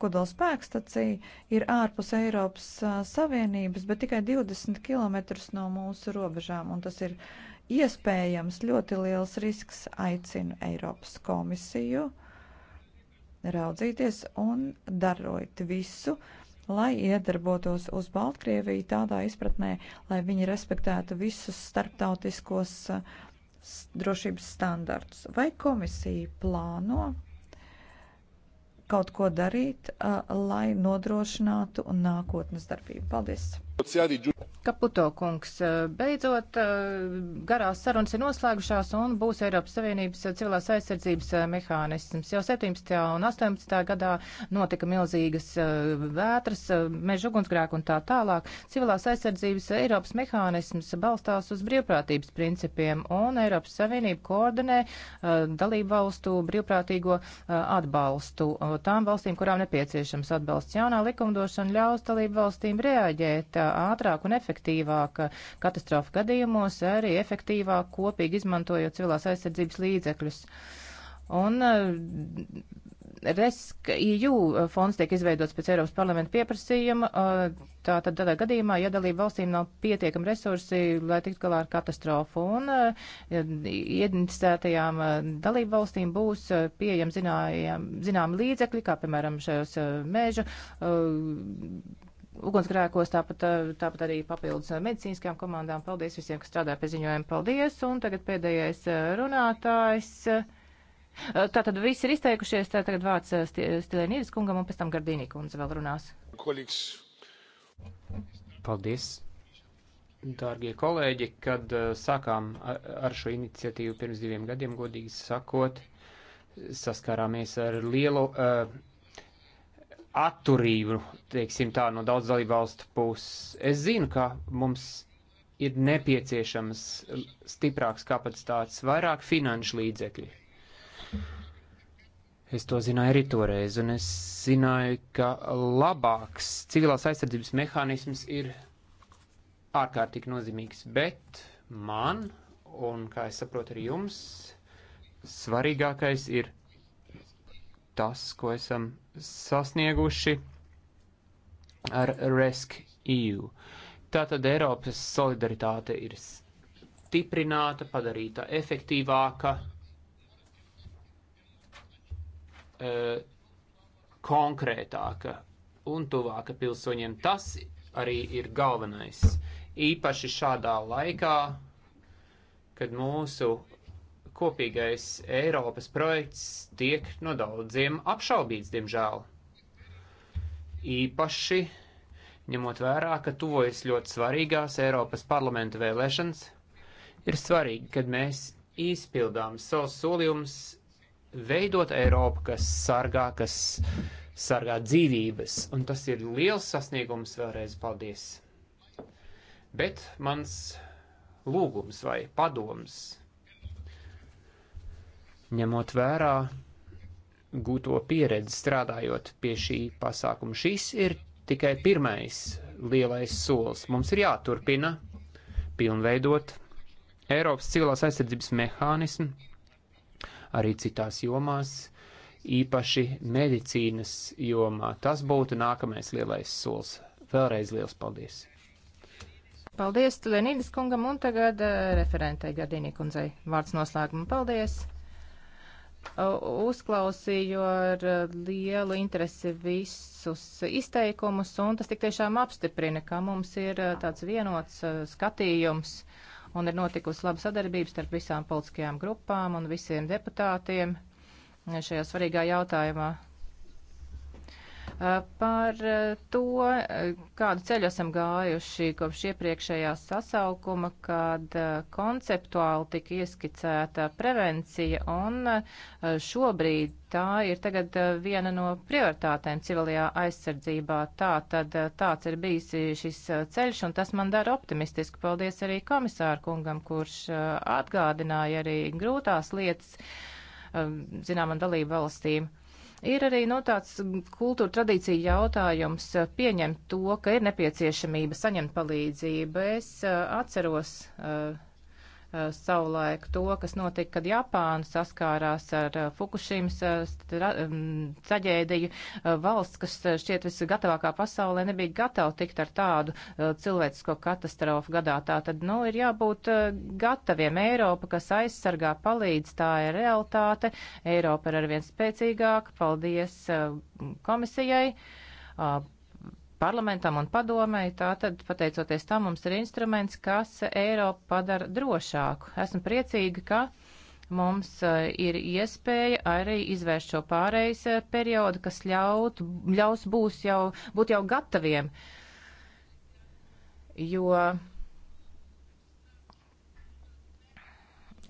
kodola spēkstacija ir ārpus Eiropas eh, Savienības, bet tikai 20 km no mūsu robežām, un tas ir iespējams ļoti liels risks. Aicinu Eiropas komisiju uh, raudzīties un darot visu, lai iedarbotos uz Baltkrieviju tādā izpratnē, lai viņi respektētu visus starptautiskos uh, drošības standartus. Vai komisija plāno kaut ko darīt, uh, lai nodrošinātu nākotnes darbību? Paldies! Kaputo kungs, eh, beidzot eh, garās sarunas ir noslēgušās un būs Eiropas Savienības civilās aizsardzības eh, mehānisms. Jau 17. un 18. gadā notika milzīgas vētras, meža ugunsgrēku un tā tālāk. Civilās aizsardzības Eiropas mehānisms balstās uz brīvprātības principiem un Eiropas Savienība koordinē dalību valstu brīvprātīgo atbalstu tām valstīm, kurām nepieciešams atbalsts. Jaunā likumdošana ļaus dalību valstīm reaģēt ātrāk un efektīvāk katastrofu gadījumos, arī efektīvāk kopīgi izmantojot civilās aizsardzības līdzekļus. Un eh, RESC-EU fonds tiek izveidots pēc Eiropas parlamenta pieprasījuma. Eh, Tātad tādā gadījumā, ja dalību valstīm nav pietiekami resursi, lai tiktu galā ar katastrofu, un eh, iedinstētajām dalību valstīm būs pieejami zinām līdzekļi, kā piemēram šajos mēžu ugunsgrēkos, tāpat, eh, tāpat arī papildus eh, medicīniskajām komandām. Paldies visiem, kas strādāja pie ziņojuma. Paldies! Un tagad pēdējais eh, runātājs. Tātad visi ir izteikušies, tā tagad vārds Stilēnīdas kungam un pēc tam Gardīnī kundze vēl runās. Kolīgs. Paldies! Dārgie kolēģi, kad sākām ar šo iniciatīvu pirms diviem gadiem, godīgi sakot, saskārāmies ar lielu uh, atturību, teiksim tā, no daudz dalībvalstu puses. Es zinu, ka mums ir nepieciešams stiprāks kapacitātes, vairāk finanšu līdzekļu. Es to zināju arī toreiz, un es zināju, ka labāks civilās aizsardzības mehānisms ir ārkārtīgi nozīmīgs, bet man, un kā es saprotu arī jums, svarīgākais ir tas, ko esam sasnieguši ar RESC EU. Tātad Eiropas solidaritāte ir stiprināta, padarīta efektīvāka, e, konkrētāka un tuvāka pilsoņiem. Tas arī ir galvenais. Īpaši šādā laikā, kad mūsu kopīgais Eiropas projekts tiek no daudziem apšaubīts, diemžēl. Īpaši ņemot vērā, ka tuvojas ļoti svarīgās Eiropas parlamenta vēlēšanas, ir svarīgi, kad mēs izpildām savus solījumus veidot Eiropu, kas sargā, kas sargā dzīvības, un tas ir liels sasniegums vēlreiz paldies. Bet mans lūgums vai padoms ņemot vērā gūto pieredzi strādājot pie šī pasākuma. Šis ir tikai pirmais lielais solis. Mums ir jāturpina pilnveidot Eiropas civilās aizsardzības mehānismu arī citās jomās, īpaši medicīnas jomā. Tas būtu nākamais lielais solis. Vēlreiz liels paldies! Paldies Lenīdas kungam un tagad eh, referentai Gardīnī kundzei. Vārds noslēguma. Paldies! uzklausīju ar eh, lielu interesi visus izteikumus, un tas tik tiešām apstiprina, ka mums ir eh, tāds vienots eh, skatījums, un ir notikusi laba sadarbības starp visām politiskajām grupām un visiem deputātiem šajā svarīgā jautājumā. Eh, par eh, to, eh, kādu ceļu esam gājuši kopš iepriekšējā sasaukuma, kad konceptuāli tika ieskicēta prevencija, un šobrīd tā ir tagad viena no prioritātēm civilajā aizsardzībā. Tā tad tāds ir bijis šis ceļš, un tas man dara optimistisku. Paldies arī komisāru kungam, kurš atgādināja arī grūtās lietas zināmam dalību valstīm. Ir arī no nu, tāds kultūra tradīcija jautājums eh, pieņemt to, ka ir nepieciešamība saņemt palīdzību. Es eh, atceros eh, Eh, savulaik to, kas notika, kad Japāna saskārās ar eh, Fukushīmas eh, mm, traģēdiju. Valsts, kas šķiet visgatavākā pasaulē, nebija gatava tikt ar tādu cilvēcisko katastrofu gadā. Tā tad, nu, ir jābūt gataviem. Eiropa, kas aizsargā, palīdz, tā ir realitāte. Eiropa ir arvien spēcīgāka. Paldies komisijai parlamentam un padomēji, tātad, pateicoties tam, mums ir instruments, kas Eiropu padara drošāku. Esmu priecīga, ka mums eh, ir iespēja arī izvērst šo pārejas eh, periodu, kas ļaut, ļaus būs jau, būt jau gataviem, jo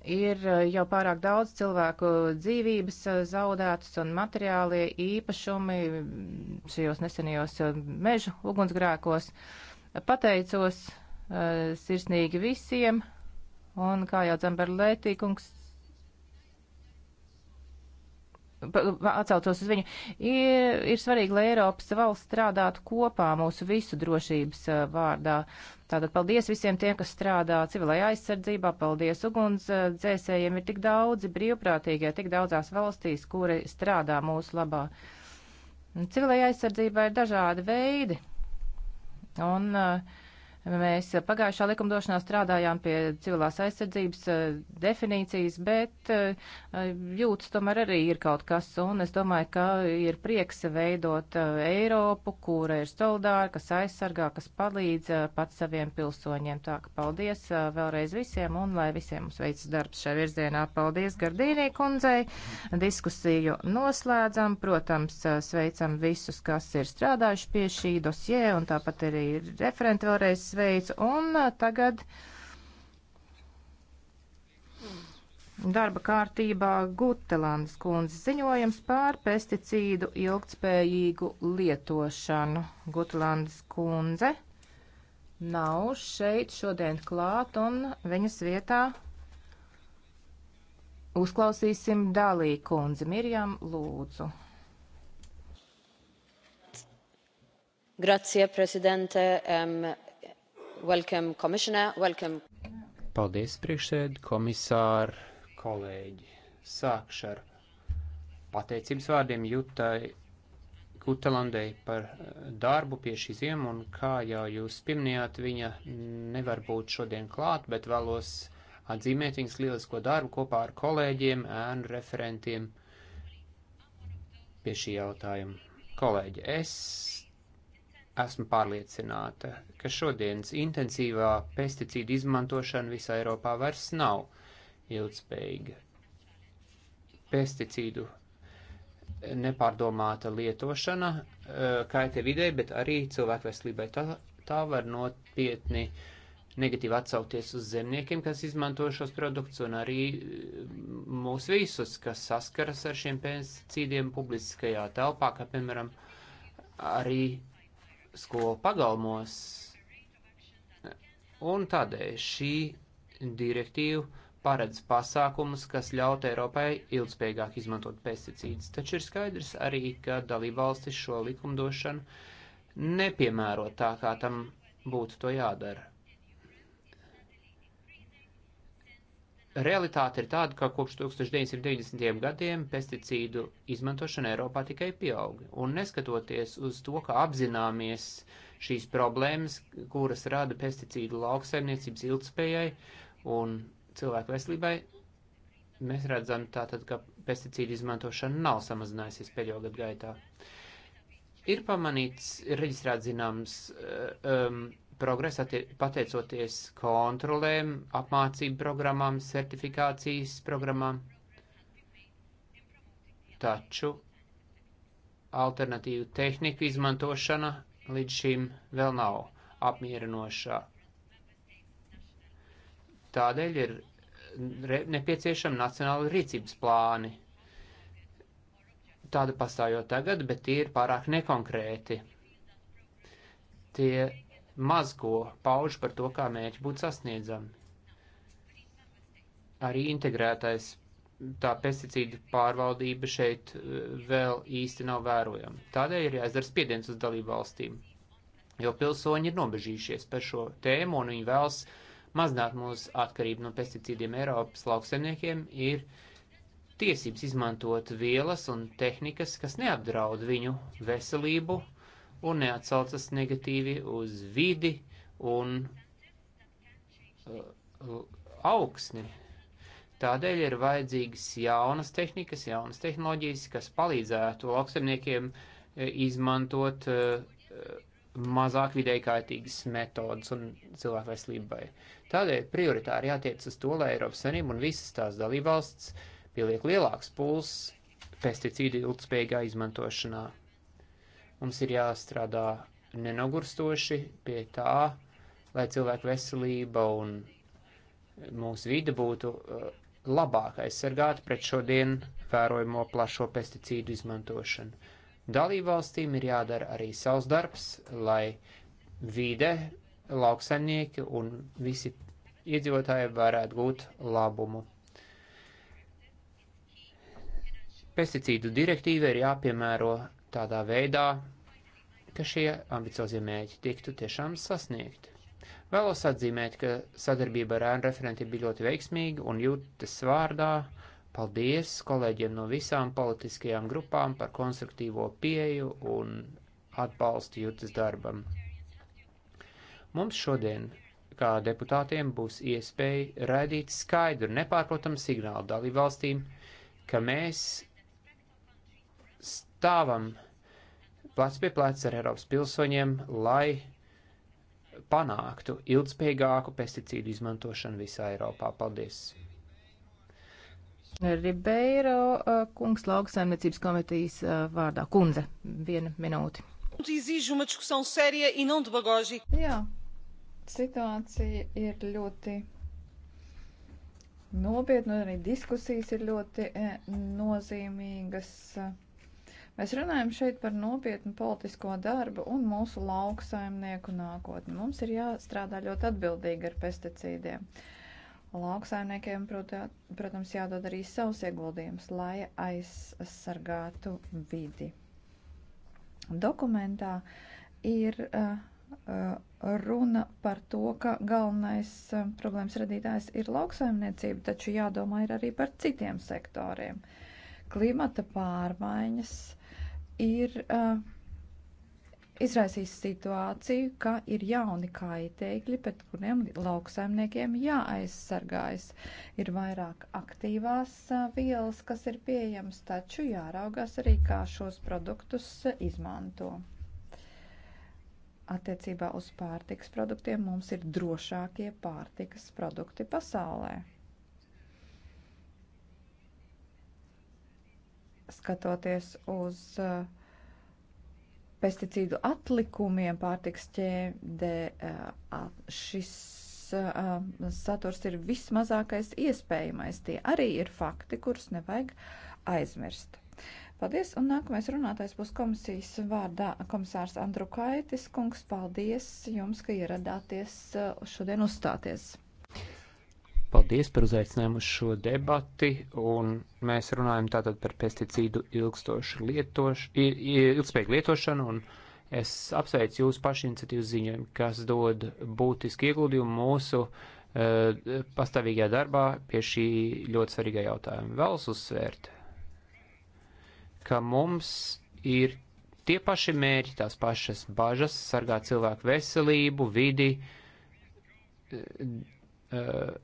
ir eh, jau pārāk daudz cilvēku dzīvības eh, zaudētas un materiālie īpašumi šajos nesenajos eh, mežu ugunsgrēkos. Pateicos sirsnīgi visiem, un kā jau Dzemberlētīkungs atcaucos uz viņu, ir, ir svarīgi, lai Eiropas valsts strādātu kopā mūsu visu drošības eh, vārdā. Tātad paldies visiem tiem, kas strādā civilajā aizsardzībā, paldies uguns eh, dzēsējiem, ir tik daudzi brīvprātīgie, tik daudzās valstīs, kuri strādā mūsu labā. Civilajā aizsardzībā ir dažādi veidi. Un uh, Mēs pagājušā likumdošanā strādājām pie civilās aizsardzības eh, definīcijas, bet eh, jūtas tomēr arī ir kaut kas, un es domāju, ka ir prieks veidot eh, Eiropu, kura ir solidāra, kas aizsargā, kas palīdz pats saviem pilsoņiem. Tā ka paldies vēlreiz visiem, un lai visiem mums veicas darbs šajā virzienā. Paldies Gardīnī kundzei, diskusiju noslēdzam, protams, sveicam visus, kas ir strādājuši pie šī dosie, un tāpat arī referenti vēlreiz veids. Un uh, tagad darba kārtībā Gutelandes kundzes ziņojums pār pesticīdu ilgtspējīgu lietošanu. Gutelandes kundze nav šeit šodien klāt un viņas vietā uzklausīsim Dalī kundzi. Mirjam, lūdzu. Grazie, prezidente. Um, Welcome, Commissioner. Welcome. Paldies, priekšsēd, komisāri, kolēģi. Sākšu ar pateicības vārdiem Jutai Kutalandei par eh, darbu pie šī ziema, un kā jau jūs pieminējāt, viņa nevar būt šodien klāt, bet vēlos atzīmēt viņas lielisko darbu kopā ar kolēģiem, ēnu referentiem pie šī jautājuma. Kolēģi, es Esmu pārliecināta, ka šodienas intensīvā pesticīdu izmantošana visā Eiropā vairs nav ilgspējīga. Pesticīdu nepārdomāta lietošana eh, kaitē vidē, bet arī cilvēku veselībai. Tā, tā var nopietni negatīvi atsaukties uz zemniekiem, kas izmanto šos produktus, un arī eh, mūs visus, kas saskaras ar šiem pesticīdiem publiskajā telpā, kā piemēram arī skolu pagalmos. Un tādēļ šī direktīva paredz pasākumus, kas ļaut Eiropai ilgspējīgāk izmantot pesticīdus. Taču ir skaidrs arī, ka dalībvalstis šo likumdošanu nepiemēro tā, kā tam būtu to jādara. realitāte ir tāda, ka kopš 1990. gadiem pesticīdu izmantošana Eiropā tikai pieauga. Un neskatoties uz to, ka apzināmies šīs problēmas, kuras rada pesticīdu lauksaimniecības ilgspējai un cilvēku veselībai, mēs redzam tātad, ka pesticīdu izmantošana nav samazinājusies pēdējo gadu gaitā. Ir pamanīts, ir reģistrēts zināms. Eh, um, progresa pateicoties kontrolēm, apmācību programmām, certifikācijas programmām. Taču alternatīvu tehniku izmantošana līdz šim vēl nav apmierinošā. Tādēļ ir nepieciešami nacionāli rīcības plāni. Tāda pastāv jau tagad, bet tie ir pārāk nekonkrēti. Tie maz ko pauž par to, kā mērķi būtu sasniedzami. Arī integrētais tā pesticīdu pārvaldība šeit eh, vēl īsti nav vērojama. Tādēļ ir jāizdara spiediens uz dalību valstīm, jo pilsoņi ir nobežījušies par šo tēmu un viņi vēlas mazināt mūsu atkarību no pesticīdiem Eiropas lauksemniekiem, ir tiesības izmantot vielas un tehnikas, kas neapdraud viņu veselību un neatsaucas negatīvi uz vidi un uh, uh, augsni. Tādēļ ir vajadzīgas jaunas tehnikas, jaunas tehnoloģijas, kas palīdzētu lauksaimniekiem uh, izmantot mazāk vidēji kaitīgas metodas un cilvēku veselībai. Tādēļ prioritāri jātiec uz to, lai Eiropas Savienība un visas tās dalībvalsts pieliek lielāks puls pesticīdu ilgspējīgā izmantošanā. Mums ir jāstrādā nenogurstoši pie tā, lai cilvēku veselība un mūsu vide būtu uh, labāk aizsargāta pret šodien vērojamo plašo pesticīdu izmantošanu. Dalībvalstīm ir jādara arī savs darbs, lai vide, lauksaimnieki un visi iedzīvotāji varētu gūt labumu. Pesticīdu direktīva ir jāpiemēro tādā veidā, ka šie ambiciozie mērķi tiktu tiešām sasniegti. Vēlos atzīmēt, ka sadarbība ar ēnu referentiem bija ļoti veiksmīga un jūtas vārdā. Paldies kolēģiem no visām politiskajām grupām par konstruktīvo pieju un atbalstu jūtas darbam. Mums šodien, kā deputātiem, būs iespēja raidīt skaidru, nepārprotamu signālu dalībvalstīm, ka mēs stāvam plec pie plec ar Eiropas pilsoņiem, lai panāktu ilgspējīgāku pesticīdu izmantošanu visā Eiropā. Paldies! Ribeiro uh, kungs lauksaimniecības komitejas uh, vārdā. Kundze, viena minūte. E Jā, situācija ir ļoti nopietna, arī diskusijas ir ļoti eh, nozīmīgas. Mēs runājam šeit par nopietnu politisko darbu un mūsu lauksaimnieku nākotni. Mums ir jāstrādā ļoti atbildīgi ar pesticīdiem. Lauksaimniekiem, protams, jādod arī savus ieguldījumus, lai aizsargātu vidi. Dokumentā ir uh, uh runa par to, ka galvenais uh, problēmas radītājs ir lauksaimniecība, taču jādomā ir arī par citiem sektoriem. Klimata pārmaiņas ir uh, eh, izraisījis situāciju, ka ir jauni kaitēkļi, pret kuriem lauksaimniekiem jāaizsargājas. Ir vairāk aktīvās eh, vielas, kas ir pieejamas, taču jāraugās arī, kā šos produktus eh, izmanto. Attiecībā uz pārtikas produktiem mums ir drošākie pārtikas produkti pasaulē. skatoties uz eh, pesticīdu atlikumiem pārtiks ķēdē, eh, šis eh, saturs ir vismazākais iespējamais. Tie arī ir fakti, kurus nevajag aizmirst. Paldies, un nākamais runātais būs komisijas vārdā komisārs Andru Kaitis. Kungs, paldies jums, ka ieradāties šodien uzstāties. Paldies par uzaicinājumu uz šo debati, un mēs runājam tātad par pesticīdu ilgstošu lietošu, ilgspējīgu lietošanu, un es apsveicu jūsu pašiniciatīvas ziņojumu, kas dod būtiski ieguldījumu mūsu uh, pastāvīgajā darbā pie šī ļoti svarīgā jautājuma. Vēlos uzsvērt, ka mums ir tie paši mērķi, tās pašas bažas, sargāt cilvēku veselību, vidi, uh, uh,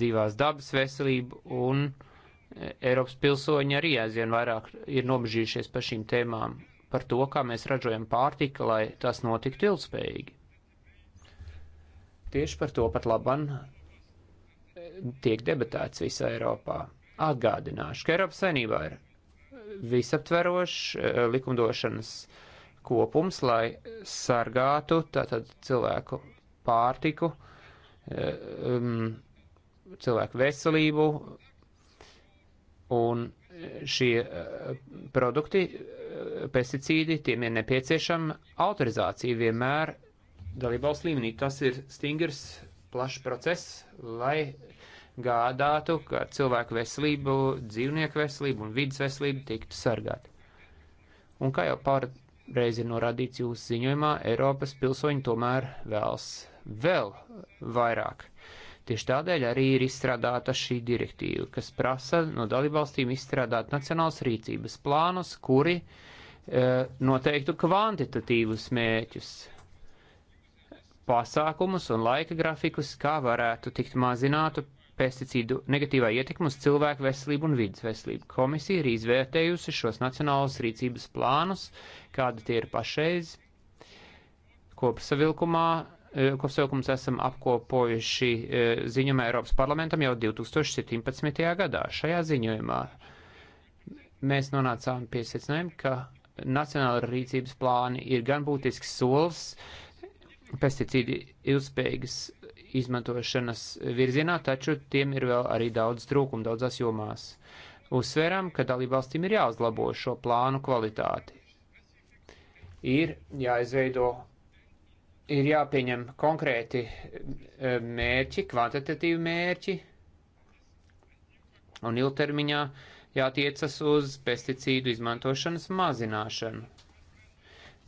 dzīvās dabas veselību un e, Eiropas pilsoņi arī aizvien vairāk ir nobežījušies par šīm tēmām, par to, kā mēs ražojam pārtika, lai tas notiktu ilgspējīgi. Tieši par to pat laban e, tiek debatēts visā Eiropā. Atgādināšu, ka Eiropas saimnībā ir visaptverošs e, likumdošanas kopums, lai sargātu tātad cilvēku pārtiku, uh, um, cilvēku veselību, un šie uh, produkti, uh, pesticīdi, tiem ir nepieciešama autorizācija vienmēr dalībvalsts līmenī. Tas ir stingrs, plašs process, lai gādātu, ka cilvēku veselību, dzīvnieku veselību un vidas veselību tiktu sargāti. Un kā jau pār reiz ir norādīts jūsu ziņojumā, Eiropas pilsoņi tomēr vēlas vēl vairāk. Tieši tādēļ arī ir izstrādāta šī direktīva, kas prasa no dalībvalstīm izstrādāt nacionālas rīcības plānus, kuri e, noteiktu kvantitatīvus mēķus, pasākumus un laika grafikus, kā varētu tikt mazināta pesticīdu negatīvā ietekme uz cilvēku veselību un vidas veselību. Komisija ir izvērtējusi šos nacionālos rīcības plānus, kādi tie ir pašreiz. Kopsavilkumā, eh, kopsavilkums esam apkopojuši eh, ziņojumā Eiropas parlamentam jau 2017. gadā. Šajā ziņojumā mēs nonācām pie secinājuma, ka nacionāla rīcības plāni ir gan būtisks solis pesticīdu ilgspējīgas izmantošanas virzienā, taču tiem ir vēl arī daudz trūkumu daudzās jomās. Uzsverām, ka dalībvalstīm ir jāuzlabo šo plānu kvalitāti. Ir jāizveido, ir jāpieņem konkrēti e, mērķi, kvantitatīvi mērķi, un ilgtermiņā jātiecas uz pesticīdu izmantošanas mazināšanu.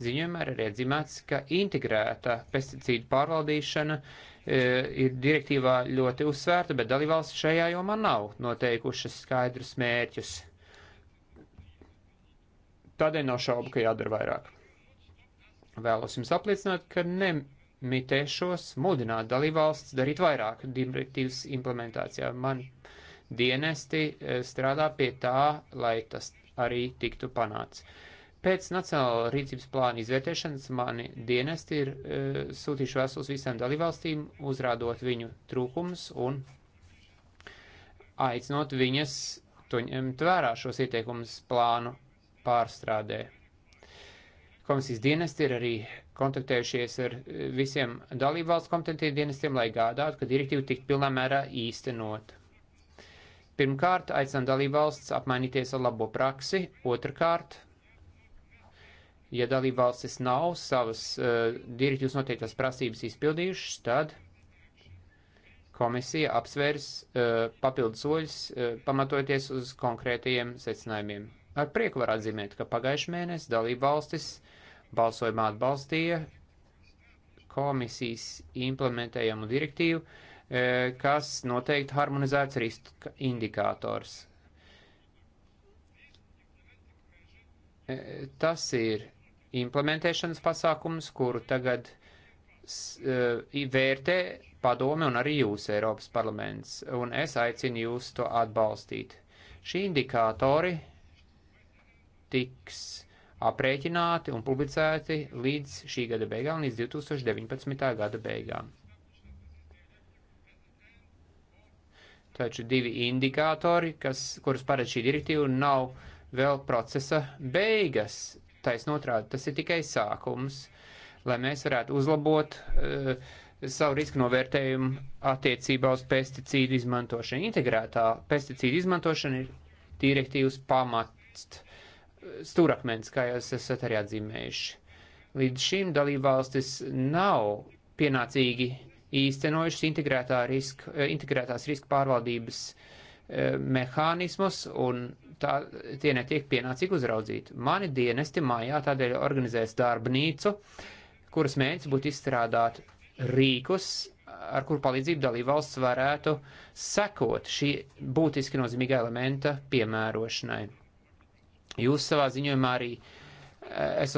Ziņojumā ir arī atzīmēts, ka integrēta pesticīdu pārvaldīšana uh, E, ir direktīvā ļoti uzsvērta, bet dalībvalsts šajā jomā nav noteikušas skaidrus mērķus. Tādēļ nav šaubu, ka jādara vairāk. Vēlos jums apliecināt, ka nemitēšos mudināt dalībvalsts darīt vairāk direktīvas implementācijā. Man dienesti e, strādā pie tā, lai tas arī tiktu panāts. Uh, Pēc Nacionāla rīcības plāna izvērtēšanas mani dienesti ir e, sūtījuši vēstules visām dalībvalstīm, uzrādot viņu trūkumus un aicinot viņas to ņemt vērā šos ieteikumus plānu pārstrādē. Komisijas dienesti ir arī kontaktējušies ar e, visiem dalībvalsts kompetentiem dienestiem, lai gādātu, ka direktīva tiktu pilnā mērā īstenot. Pirmkārt, aicinām dalībvalsts apmainīties ar labo praksi, otrkārt, ja dalībvalstis nav savas uh, direktīvas noteiktās prasības izpildījušas, tad komisija apsvērs uh, papildus soļus, uh, pamatojoties uz konkrētajiem secinājumiem. Ar prieku var atzīmēt, ka pagājušajā mēnesī dalībvalstis balsojumā atbalstīja komisijas implementējumu direktīvu, uh, kas noteikti harmonizēts riska indikators. Tas ir implementēšanas pasākumus, kuru tagad e, vērtē padome un arī jūs, Eiropas parlaments, un es aicinu jūs to atbalstīt. Šī indikātori tiks aprēķināti un publicēti līdz šī gada beigām, līdz 2019. gada beigām. Taču divi indikātori, kas, kurus paredz šī direktīva, nav vēl procesa beigas. Taisnotrādi, tas ir tikai sākums, lai mēs varētu uzlabot uh, savu risku novērtējumu attiecībā uz pesticīdu izmantošanu. Integrētā pesticīdu izmantošana ir direktīvas pamats stūrakmens, kā jūs esat arī atzīmējuši. Līdz šim dalībvalstis nav pienācīgi īstenojušas integrētā riska, integrētās riska pārvaldības eh, mehānismus un tā, tie netiek pienācīgi uzraudzīti. Mani dienesti mājā tādēļ organizēs darbnīcu, kuras mērķis būtu izstrādāt rīkus, ar kuru palīdzību dalībvalsts varētu sekot šī būtiski nozīmīga elementa piemērošanai. Jūs savā ziņojumā arī eh, esat